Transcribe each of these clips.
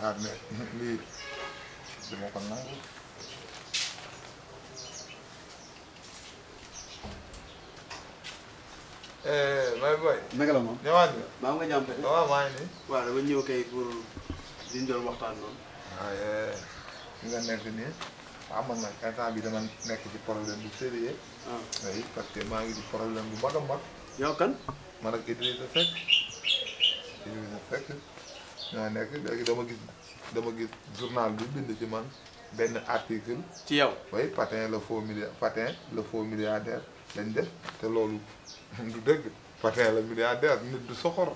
yaakaar ne lii dama ko nangu eh, bye. boy naka la moom ñëwaat nga maa nga jàmpe waaw oh, maa ngi nii waaw dama ñëw kay pour liñ doon waxtaan anu. ah, ya. noonu waaye ya. li nga nekk nii waaw man nag instant bi dama nekk di problème bu mag a kan man ak Idrissa Seck itu Seck ñoo nekk léegi dama gis dama gis journal bi bind ci man benn article. ci yow way Patin la faux milliardaire Patin le faux milliardaire lañ def te loolu du dëgg Patin la milliardaire nit du soxor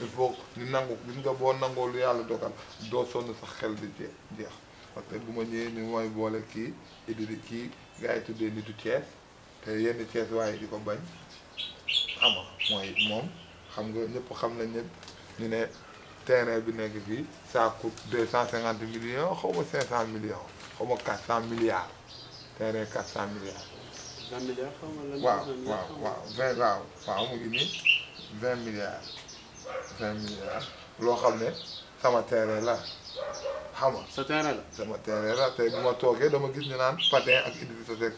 il faut ñu nangu gis nga boo nangoo lu yàlla dogal doo sonn sax xel di jeex parce que bu ma ñëwee ni mooy boole kii Idri kii gars yi tuddee nitu Thiès te yenn Thiès waaye di ko bañ ama mooy moom xam nga ñëpp xam na ñëpp ñu ne. terrain bi nekk fii ça coûte deux cent cinquante millions xaw ma cinq cent millions xaw ma quatre cent milliards terrain quatre cent milliards. vingt milliards xaw ma lan. waaw waaw waaw vingt waaw waaw mu ngi nii vingt milliards vingt milliards loo xam ne sama terrain la xam nga. sa terrain la sama terrain la tey bu ma toogee dama gis ñu naan Patin ak Idrissa Seck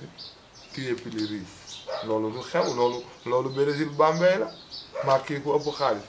tu es plus riche loolu du xew loolu loolu Brésil Bambey la maa kii ku ëpp xaalis.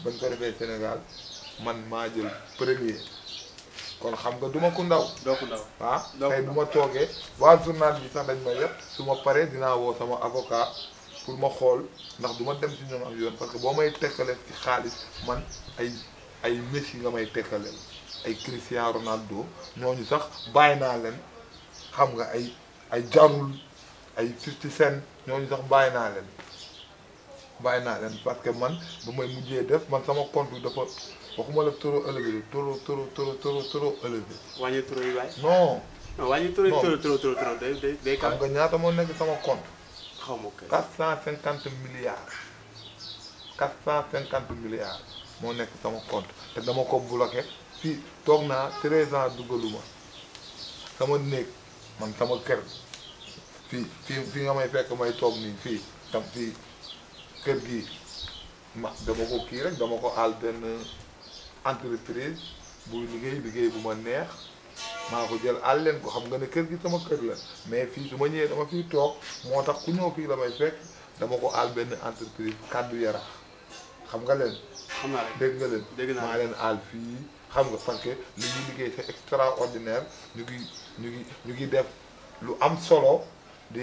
bañ ko defee Sénégal man maa jël premier kon xam nga du ma ku ndaw. doo ku ndaw ah. tey bu ma toogee waa journal bi sax dañ ma yëpp su ma paree dinaa woo sama avocat pour ma xool ndax du ma dem si ñoom ak yoon parce que boo may tekkale ci xaalis man ay ay Messi nga may tekkale ay Cristiano Ronaldo ñooñu sax bàyyi naa leen xam nga ay ay jarul ay 50 Cent ñooñu sax bàyyi naa leen. bàyyi naa leen parce que man bu may mujjee def man sama compte bi dafa waxuma la trop élevé trop trop trop trop trop élevé. wàññi trop yi waay. non. non wàññi trop trop trop trop day day day. xam nga ñaata moo nekk sama compte. xaw ma kay quatre cent cinquante milliards. quatre cent cinquante milliards moo nekk sama compte te dama ko bloqué fii toog naa treize ans dugaluma sama néeg man sama kër fii fii fii nga may fekk may toog nii fii tam fii. kër gi ma dama ko kii rek dama ko àll benn entreprise buy liggéey liggéey bu ma neex maa ko jël àll leen ko xam nga ne kër gi sama kër la mais fii su ma ñëwee dama fiy toog moo tax ku ñëw fii la may fekk dama ko àll benn entreprise kàddu yarax xam nga leen. xam naa leen dégg nga leen. dégg naa leen àll fii xam nga parce que li ñuy liggéey c'est extraordinaire ñu ngi ñu ngi ñu ngi def lu am solo di.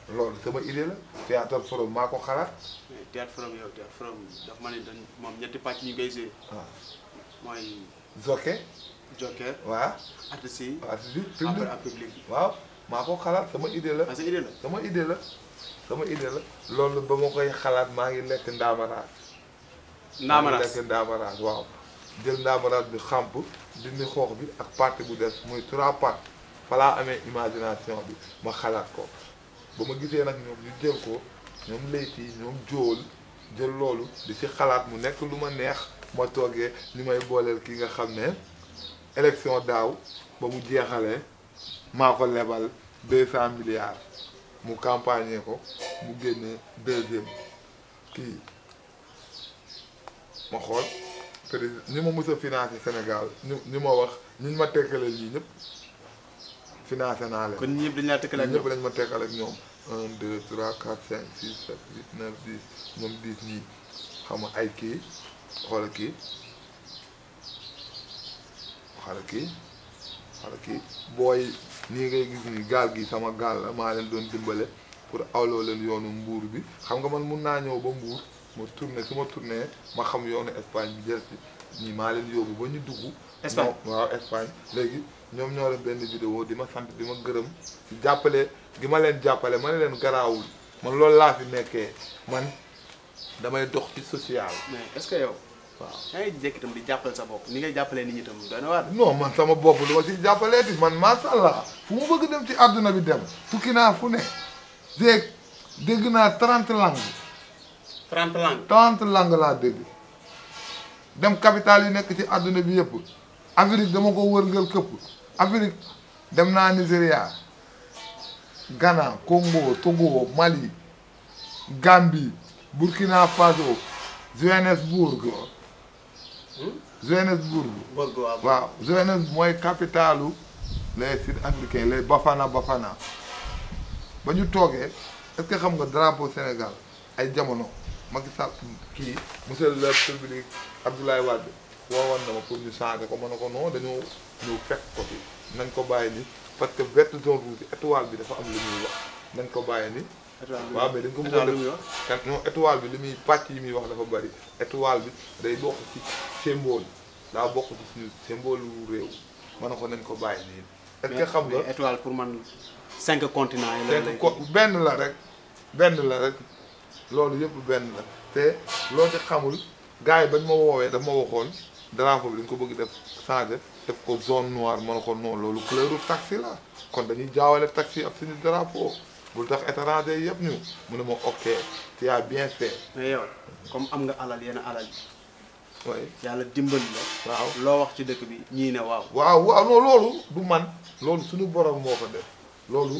loolu sama idée la théâtre forum maa ko xalaat. ma ne dañ moom ñetti pàcc ñu koy séy. Ah. waaw mooy. jokke. jokke. waaw waaw maa ko xalaat sama idée la. Ah, sa sama idée la. sama idée la loolu ba ma koy xalaat maa ngi lekk ndaamaraas. ndaamaraas maa ngi waaw. jël ndaamaraas bi xàmp dindi xoox bi ak partie bu des muy trois parties fa laa amee imagination bi ma xalaat ko. ba ma gisee nag ñoom ñu jël ko ñoom layti ñoom jóol jël loolu di ci xalaat mu nekk lu ma neex ma toogee ñu may booleel ki nga xam ne élection daaw ba mu jeexale maa ko lebal deux cent milliards mu campagner ko mu génne deuxième kii ma xool président ñi ma mës a financé Sénégal ñu ñu ma wax ñu ma tekkalee ñii ñëpp financé naa leen. kon ñëpp dañu laa tëkkal ak ñoom ñëpp lañu ma tëkkal ak ñoom. 1 2 3 4 5 6 7 8 9 10 ñoom 10 ñii xam nga ay kii xool kii xoolal ki xoolal booy nii ngay gis nii gaal gi sama gaal la maa leen doon dimbale pour awloo leen yoonu mbuur bi xam nga man mun naa ñëw ba mbuur ma tourné su ma tourné ma xam yoonu Espagne bi jël si ñii maa leen yóbbu ba ñu dugg. Espagne waaw Espagne léegi ñoom ñoo def benn vidéo di ma sant di ma gërëm ci jàppale gi ma leen jàppale ma ne leen garaawul man loolu laa fi nekkee man damay dox ci social. mais est-ce que yow. waaw yaa di jàppale sa bopp ni ngay jàppalee nit ñi itam doy na waar. non man sama bopp lu ma ci jàppaleeti man macha allah fu mu bëgg dem ci àdduna bi dem tukki naa fu ne dégg dégg naa trente langues. trente lang trente langues laa dégg. dem capital yi nekk ci àdduna bi yëpp Afrique dama ko wërngal këpp Afrique dem naa Nigéria Ghana Congo Togo Mali Gambie Burkina Faso Johannesburg hmm? Johannesburg waaw Johannesburg mooy capitalu les sud africains les Bafana Bafana ba ñu toogee que xam nga drapeau Sénégal ay jamono Macky Sall kii monsieur le président Abdoulaye Wade woowoon na ma pour ñu saaga ko ma ne ko non dañoo ñëw fekk ko fi nañ ko bàyyi ni parce que verte zone rouge étoile bi dafa am lu ñuy wax nañ ko bàyyi ni waaw mais dañ ko bëggoon def non étoile bi li muy pàcc yi muy wax dafa bari étoile bi day bokk ci symbole daa bokk ci suñu symbole réew ma ne ko nañ ko bàyyi nii est-ce xam nga étoile pour man cinq continents yi la benn la rek benn la rek loolu yëpp benn te loo ci xamul gars yi bañ ma woowee daf ma waxoon drapeau bi dañ ko bëgg def changé def ko zone noire mën ko noonu loolu couleuru taxi la kon dañuy jaawale taxi ak suñu drapeau bul tax étranger yëpp ñu mu ne ma ok tu as bien fait. mais yow comme am nga alal yenn alal yi. oui yàlla dimbali la. waaw loo wax ci dëkk bi ñii ne waaw. waaw waaw loolu du man loolu suñu borom moo ko def loolu.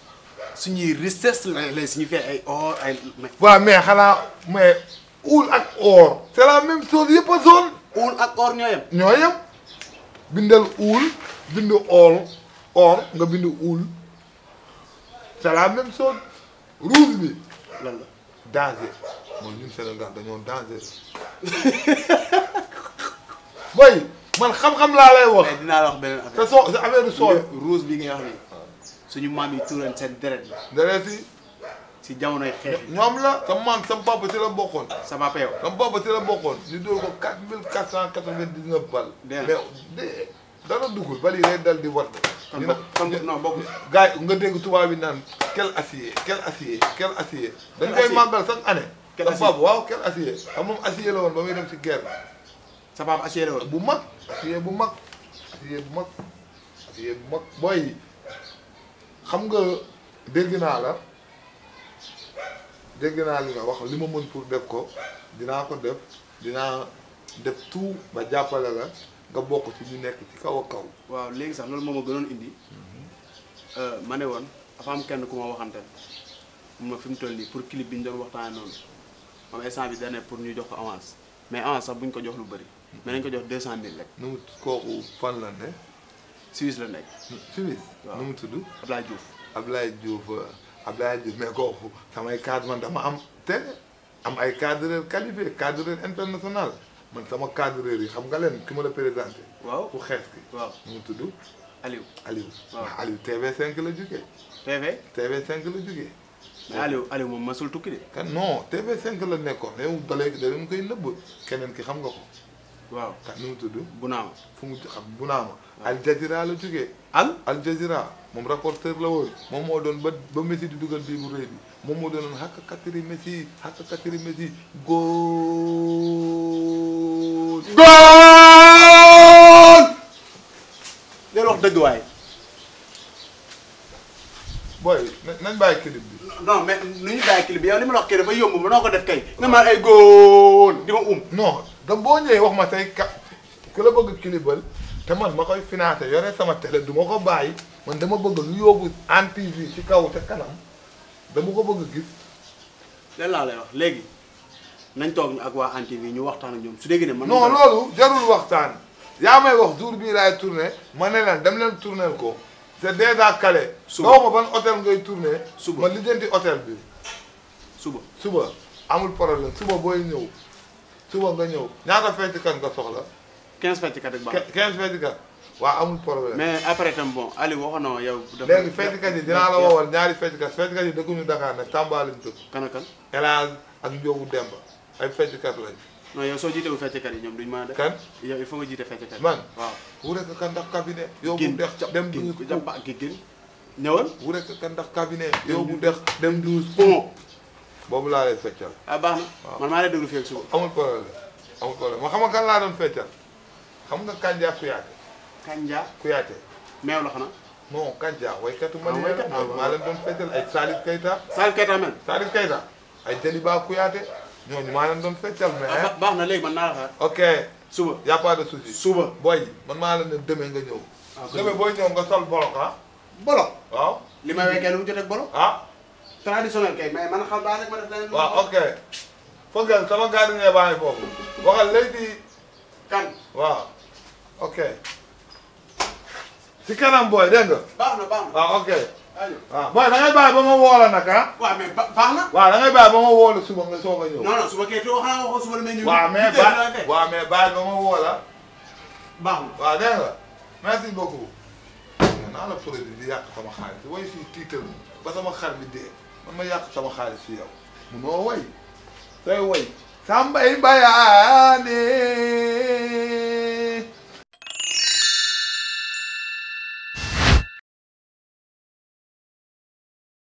suñuy richesse lay lay suñu fee ay or ay. waaw mais xanaa mais uul ak or. c'est la même chose yëpp a zone. uul ak or ñoo yem. ñoo yem bindal uul bindu or or nga bindu uul c'est la même chose rouge bi danger moom ñun Sénégal dañoo danger boy man xam-xam laa lay wax. mais sa soo sa affaire du sooy. rouge bi nga wax nii. suñu maam yi tuuroon seen deret la. deret yi. si jamonoy xeex ñoom la sama maam sama papa ci la bokkoon. sa papa yow sama papa ci la bokkoon. ñu dóor ko quatre mille quatre cent quatre-vingt-dix-neuf balles. mais dara duggul bal yi dal di wat. kon kon non bokkul. gars yi nga dégg tubaab yi naan quel acier quel acier quel acier. dañ koy màggal chaque année. quel acier sama waaw quel acier. xam moom acier la woon ba muy dem si guerre. sa papa acier la woon bu mag. acier bu mag acier bu mag xam nga dégg naa la dégg naa li nga wax li ma mën pour def ko dinaa ko def dinaa def tout ba jàppale la nga bokk ci ñu nekk ci kaw a kaw. waaw léegi sax loolu moom a gënoon indi euh, ma ne woon dafa am kenn ku ma waxante mun ma fi mu toll nii pour clip bi ñu doon waxtaanee noonu moom instant bi dane pour ñu jox ko avance mais avance sax bu ñu ko jox lu bëri mais nañ ko jox 200000 rek. nu kooku fan la ne. Suisse la nekk. Suisse. waaw nu mu tudd. Ablaye Diouf. Ablaye Diouf Ablaye Diouf mais kooku samay cadre man dama am te am ay cadreur qualifié cadreur international man sama cadreur yi xam nga leen ki ma la présenté. waaw ku xees ki. waaw nu mu tudd. Aliou Aliou. waaw Aliou TV5 la jugee. TV. TV5 la jugee. mais Aliou Aliou moom masul tukki de. kan non TV5 la nekkoon yow dalee da leen koy nëbb keneen ki xam nga ko. waaw tax nu mu tudd. Bunaama fu mu ah, moom rapporteur la woon. moom moo doon ba ba Messi di dugal bii bu rëy bi moom moo doon xàq katiri Messi xàq katiri Messi góol. góol. loolu wax dëgg waaye. booy nañ bàyyi bi. non mais nu ñu bàyyi clip ma la wax kii dafa yomb mënoo ko def kay. nga ma ay góol di ma um. donc boo ñëwee wax ma tey ka ku la bëgg kilibal te man ma koy financé yore sama tele du ma ko bàyyi man dama bëgg lu yóbbu Hann ci kaw ca kanam dama ko bëgg gis. léegi laa lay wax léegi nañ toog ñu ak waa Hann TV ñu waxtaan ak ñoom su dee ne man. non loolu jarul waxtaan yaa may wax jour bii laay tourné ma ne leen dem leen tourné ko c'est déjà calé. suba nga ngay tourné. suba ma lijjanti hôtel bi. suba suba amul problème suba booy ñëw. suba nga ñëw ñaata fecckat nga soxla. 15 fecckat ak baax 15 fecckat. waaw amul problème mais après tam bon Aliou waxoon na yow. dafa léegi fecckat yi dinaa la woowal ñaari fecckat fecckat yi dëkkuñu Dakar nag Tamba lañ dëkk. kan ak kan El ak Ndiobu Demba lañ. non yow soo jiitewu fecckat yi ñoom duñu mën a def. kan yow il faut nga jiite yi. man wu rek kan ndax cabinet. yow bu dem duus gin jàpp ak gin ñëwal. wu rek kan ndax cabinet. yow bu dex dem duus pont. boobu laa la feccal. a ah, baax na man maa lay déglu fii ak suba. amul problème amul problème ma xam nga kan laa doon feccal xam nga Kanja Kuyaate. Kanja Kuyaate. meew la xanaa. non Kanja waykatu ah, Mali la maa leen doon feccal ay Salif Keita. Salif Keita mel. Salif Keita ay Jaliba Kuyaate ñooñu maa leen doon feccal. mais ah, baax na léegi man naa la xaar. ok suba y' a pas de suba booy man maa leen ne demee nga ñëw. ah dëgg la nga sol bolok ah. bolok waaw. li may wekkee mu traditionnel kay mais man sama gàddu ngay bàyyi foofu waxal léegi. kan waaw si kanam booy dégg nga. baax na baax na waaw ok. waaw mooy da ngay bàyyi ba ma woo la nag ah. ba baax na. waaw da ngay bàyyi ba ma woo la a ñëw. non non suba na waaw dégg nga merci beaucoup. naa la way fii tiital ba sama xar bi dee. dama yàq sama xaalis si yow munoo way sooy way sambay bayaane